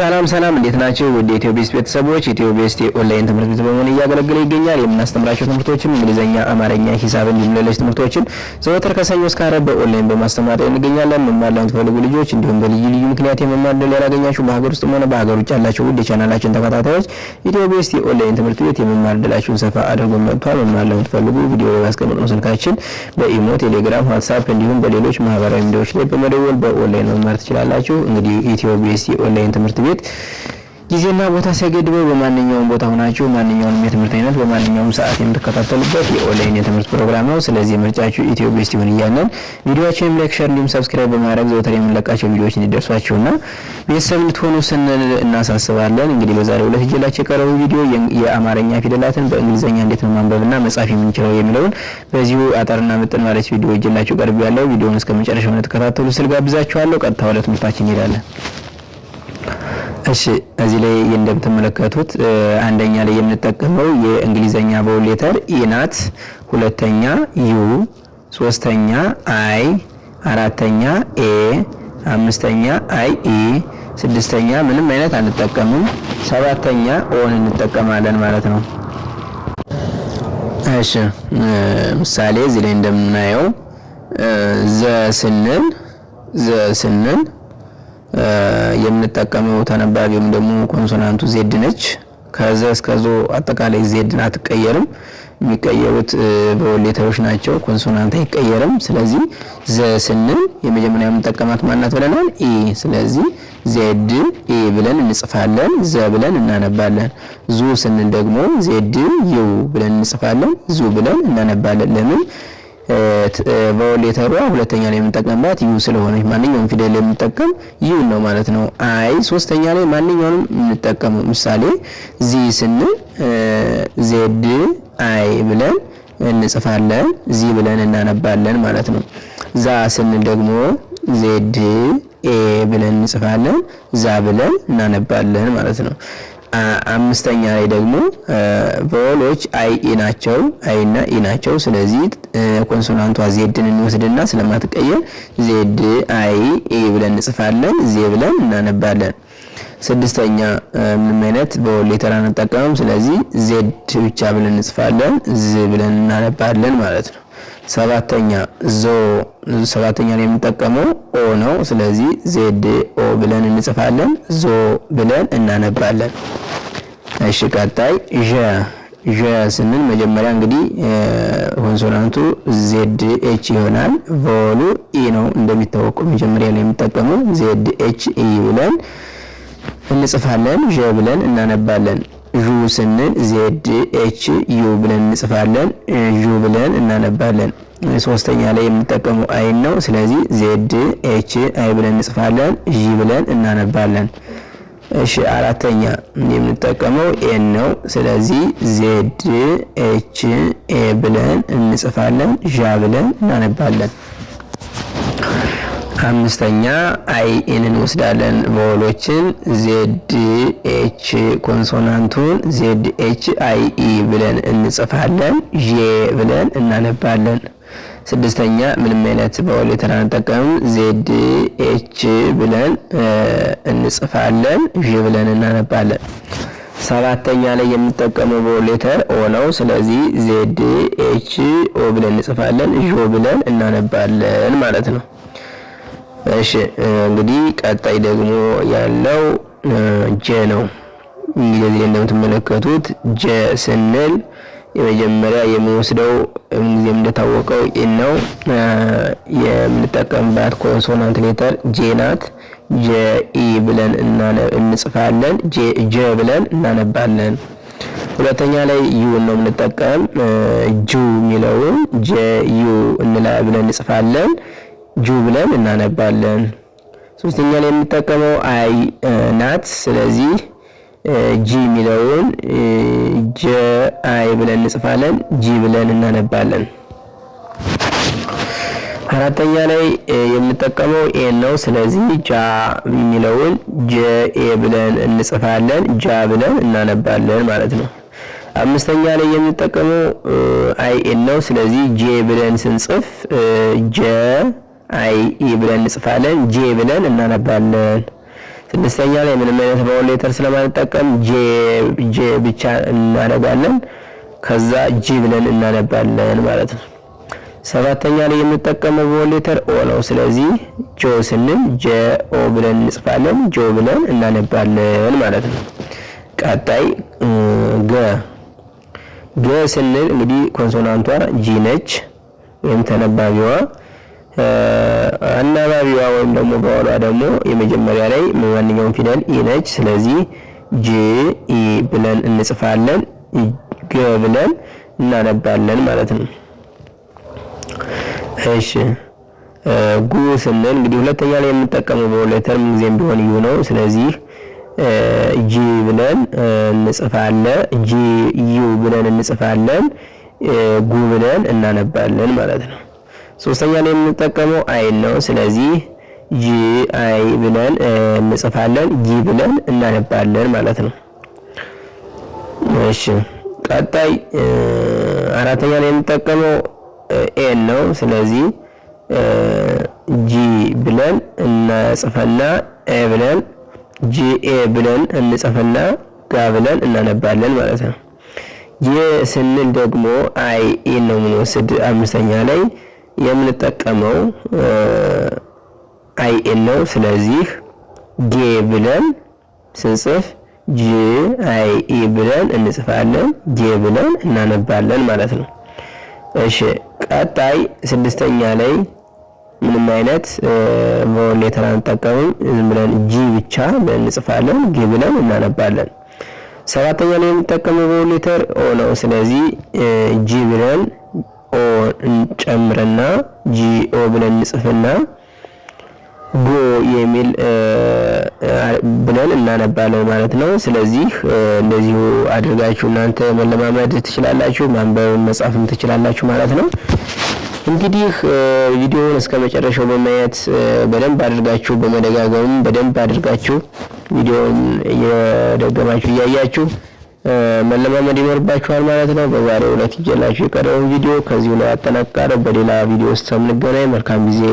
ሰላም ሰላም፣ እንዴት ናቸው ወደ ኢትዮ ቤስት ቤተሰቦች? ኢትዮ ቤስት ኦንላይን ትምህርት ቤት በመሆን እያገለገለ ይገኛል። የምናስተምራቸው ትምህርቶችም እንግሊዘኛ፣ አማርኛ፣ ሂሳብ እንዲሁም ሌሎች ትምህርቶችን ዘወትር ከሰኞ እስከ ዓርብ በኦንላይን በማስተማር እንገኛለን። መማር ለምትፈልጉ ልጆች እንዲሁም በልዩ ልዩ ምክንያት የመማር ዕድል ያላገኛችሁ በሀገር ውስጥም ሆነ በሀገር ውጭ ያላችሁ ውድ የቻናላችን ተከታታዮች ኢትዮ ቤስት ኦንላይን ትምህርት ቤት የመማር ዕድላችሁን ሰፋ አድርጎ መጥቷል። መማር ለምትፈልጉ ቪዲዮ ላይ ያስቀመጥነው ስልካችን በኢሞ ቴሌግራም፣ ዋትሳፕ እንዲሁም በሌሎች ማህበራዊ ሚዲያዎች ላይ በመደወል በኦንላይን መማር ትችላላችሁ። እንግዲህ ኢትዮ ቤስት ኦንላይን ትምህርት ቤት በእርግጥ ጊዜና ቦታ ሳይገድበው በማንኛውም ቦታ ሆናችሁ ማንኛውንም የትምህርት አይነት በማንኛውም ሰዓት የምትከታተሉበት የኦንላይን የትምህርት ፕሮግራም ነው። ስለዚህ ምርጫችሁ ኢትዮ ቤስት ይሁን እያለን ቪዲዮችንም ላይክ፣ ሸር እንዲሁም ሰብስክራይብ በማድረግ ዘወትር የምንለቃቸው ቪዲዮዎች እንዲደርሷችሁና ቤተሰብ እንድትሆኑ ስንል እናሳስባለን። እንግዲህ በዛሬ ሁለት እጀላቸው የቀረቡ ቪዲዮ የአማርኛ ፊደላትን በእንግሊዝኛ እንዴት ነው ማንበብና መጻፍ የምንችለው የሚለውን በዚሁ አጠርና ምጥን ማለት ቪዲዮ እጀላቸው ቀርብ ያለው ቪዲዮውን እስከ መጨረሻው እንድትከታተሉ ስል ጋብዛችኋለሁ። ቀጥታ ወደ ትምህርታችን እንሄዳለን። እሺ እዚህ ላይ እንደምትመለከቱት አንደኛ ላይ የምንጠቀመው የእንግሊዘኛ ቦል ሌተር ኢ ናት። ሁለተኛ ዩ፣ ሶስተኛ አይ፣ አራተኛ ኤ፣ አምስተኛ አይ ኢ፣ ስድስተኛ ምንም አይነት አንጠቀምም፣ ሰባተኛ ኦን እንጠቀማለን ማለት ነው። እሺ ምሳሌ እዚህ ላይ እንደምናየው ዘ ስንል ዘ ስንል የምንጠቀመው ተነባቢ ወይም ደግሞ ኮንሶናንቱ ዜድ ነች። ከዘ እስከ ዞ አጠቃላይ ዜድን አትቀየርም። የሚቀየሩት ሌተሮች ናቸው። ኮንሶናንት አይቀየርም። ስለዚህ ዘ ስንል የመጀመሪያ የምንጠቀማት ማናት ብለናል? ኢ። ስለዚህ ዜድ ኢ ብለን እንጽፋለን፣ ዘ ብለን እናነባለን። ዙ ስንል ደግሞ ዜድ ዩ ብለን እንጽፋለን፣ ዙ ብለን እናነባለን። ለምን ቫወል ሁለተኛ ላይ የምንጠቀምባት ዩ ስለሆነች ማንኛውም ፊደል የምንጠቀም ዩ ነው ማለት ነው። አይ ሶስተኛ ላይ ማንኛውንም የምንጠቀም ምሳሌ ዚ ስንል ዜድ አይ ብለን እንጽፋለን፣ ዚ ብለን እናነባለን ማለት ነው። ዛ ስንል ደግሞ ዜድ ኤ ብለን እንጽፋለን፣ ዛ ብለን እናነባለን ማለት ነው። አምስተኛ ላይ ደግሞ ቮሎች አይ ኢ ናቸው። አይ እና ኢ ናቸው። ስለዚህ ኮንሶናንቷ ዜድን እንወስድና ስለማትቀየር ዜድ አይ ኤ ብለን እንጽፋለን። ዜ ብለን እናነባለን። ስድስተኛ ምንም አይነት ቫወል ሌተር አንጠቀምም። ስለዚህ ዜድ ብቻ ብለን እንጽፋለን። ዝ ብለን እናነባለን ማለት ነው። ሰባተኛ ዞ ሰባተኛ ላይ የምንጠቀመው ኦ ነው። ስለዚህ ዜድ ኦ ብለን እንጽፋለን። ዞ ብለን እናነባለን። እሺ ቀጣይ ዠ ዠ ስንል መጀመሪያ እንግዲህ ኮንሶናንቱ ዜድ ኤች ይሆናል። ቮሉ ኢ ነው እንደሚታወቀው መጀመሪያ ላይ የምጠቀመው ዜድ ኤች ኢ ብለን እንጽፋለን። ዠ ብለን እናነባለን። ዡ ስንል ዜድ ኤች ዩ ብለን እንጽፋለን። ዡ ብለን እናነባለን። ሶስተኛ ላይ የምጠቀመው አይ ነው። ስለዚህ ዜድ ኤች አይ ብለን እንጽፋለን። ዢ ብለን እናነባለን። እሺ አራተኛ የምንጠቀመው ኤን ነው። ስለዚህ ዜድ ኤች ኤ ብለን እንጽፋለን፣ ዣ ብለን እናነባለን። አምስተኛ አይ ኤን እንወስዳለን። ቮሎችን ዜድ ኤች ኮንሶናንቱን ዜድ ኤች አይ ኢ ብለን እንጽፋለን፣ ዤ ብለን እናነባለን። ስድስተኛ ምንም አይነት በወል የተናጠቀም አንጠቀምም። ዜድ ኤች ብለን እንጽፋለን፣ ዥ ብለን እናነባለን። ሰባተኛ ላይ የምንጠቀመው ባወል ኦ ነው። ስለዚህ ዜድ ኤች ኦ ብለን እንጽፋለን፣ ዥ ብለን እናነባለን ማለት ነው። እሺ እንግዲህ ቀጣይ ደግሞ ያለው ጀ ነው። እንግዲህ እንደምትመለከቱት ጀ ስንል የመጀመሪያ የምንወስደው ምንጊዜም እንደታወቀው ኢን ነው። የምንጠቀምባት ኮንሶናንት ሌተር ጄ ናት። ጄኢ ብለን እንጽፋለን፣ ጀ ብለን እናነባለን። ሁለተኛ ላይ ዩ ነው የምንጠቀም። ጁ የሚለውን ጄ ዩ እንላ ብለን እንጽፋለን፣ ጁ ብለን እናነባለን። ሶስተኛ ላይ የምንጠቀመው አይ ናት። ስለዚህ ጂ የሚለውን ጀ አይ ብለን እንጽፋለን። ጂ ብለን እናነባለን። አራተኛ ላይ የምንጠቀመው ኤን ነው። ስለዚህ ጃ የሚለውን ጀ ኤ ብለን እንጽፋለን። ጃ ብለን እናነባለን ማለት ነው። አምስተኛ ላይ የምንጠቀመው አይ ኤን ነው። ስለዚህ ጄ ብለን ስንጽፍ ጀ አይ ኢ ብለን እንጽፋለን። ጄ ብለን እናነባለን። ስድስተኛ ላይ ምንም አይነት ቫወል ሌተር ስለማንጠቀም ጄ ጄ ብቻ እናነባለን። ከዛ ጂ ብለን እናነባለን ማለት ነው። ሰባተኛ ላይ የምንጠቀመው ቫወል ሌተር ኦ ነው። ስለዚህ ጆ ስንል ጄ ኦ ብለን እንጽፋለን፣ ጆ ብለን እናነባለን ማለት ነው። ቀጣይ ገ ገ ስንል እንግዲህ ኮንሶናንቷ ጂ ነች ወይም ተነባቢዋ አናባቢዋ ወይም ደግሞ በኋላ ደግሞ የመጀመሪያ ላይ ማንኛውም ፊደል ኢ ነች። ስለዚህ ጅ ኢ ብለን እንጽፋለን፣ ገ ብለን እናነባለን ማለት ነው። እሺ ጉ ስንል እንግዲህ ሁለተኛ ላይ የምንጠቀመው በሁለተር ምን ጊዜም ቢሆን እዩ ነው። ስለዚህ ጂ ብለን እንጽፋለን፣ ጂ ዩ ብለን እንጽፋለን፣ ጉ ብለን እናነባለን ማለት ነው። ሶስተኛ ላይ የምንጠቀመው አይን ነው። ስለዚህ ጂ አይ ብለን እንጽፋለን፣ ጂ ብለን እናነባለን ማለት ነው። እሺ ቀጣይ አራተኛ ላይ የምንጠቀመው ኤን ነው። ስለዚህ ጂ ብለን እናጽፈና ኤ ብለን ጂ ኤ ብለን እንጽፈና ጋ ብለን እናነባለን ማለት ነው። ጂ ስንል ደግሞ አይ ኤን ነው የምንወስድ አምስተኛ ላይ የምንጠቀመው አይኤን ነው። ስለዚህ ጌ ብለን ስንጽፍ ጂ አይ ኢ ብለን እንጽፋለን። ጌ ብለን እናነባለን ማለት ነው። እሺ ቀጣይ ስድስተኛ ላይ ምንም አይነት ቮል ሌተር አንጠቀምም። ዝም ብለን ጂ ብቻ እንጽፋለን። ጌ ብለን እናነባለን። ሰባተኛ ላይ የምንጠቀመው ቮል ሌተር ኦ ነው። ስለዚህ ጂ ብለን ኦ እንጨምርና ጂኦ ብለን እንጽፍና ጎ የሚል ብለን እናነባለን ማለት ነው። ስለዚህ እንደዚሁ አድርጋችሁ እናንተ መለማመድ ትችላላችሁ፣ ማንበብም መጻፍም ትችላላችሁ ማለት ነው። እንግዲህ ቪዲዮውን እስከ መጨረሻው በማየት በደንብ አድርጋችሁ በመደጋገምም በደንብ አድርጋችሁ ቪዲዮውን እየደገማችሁ እያያችሁ መለማመድ ይኖርባችኋል ማለት ነው። በዛሬው ዕለት ይዤላችሁ የቀረበው ቪዲዮ ከዚሁ ላይ አጠናቅቃለሁ። በሌላ ቪዲዮ እስከምንገናኝ መልካም ጊዜ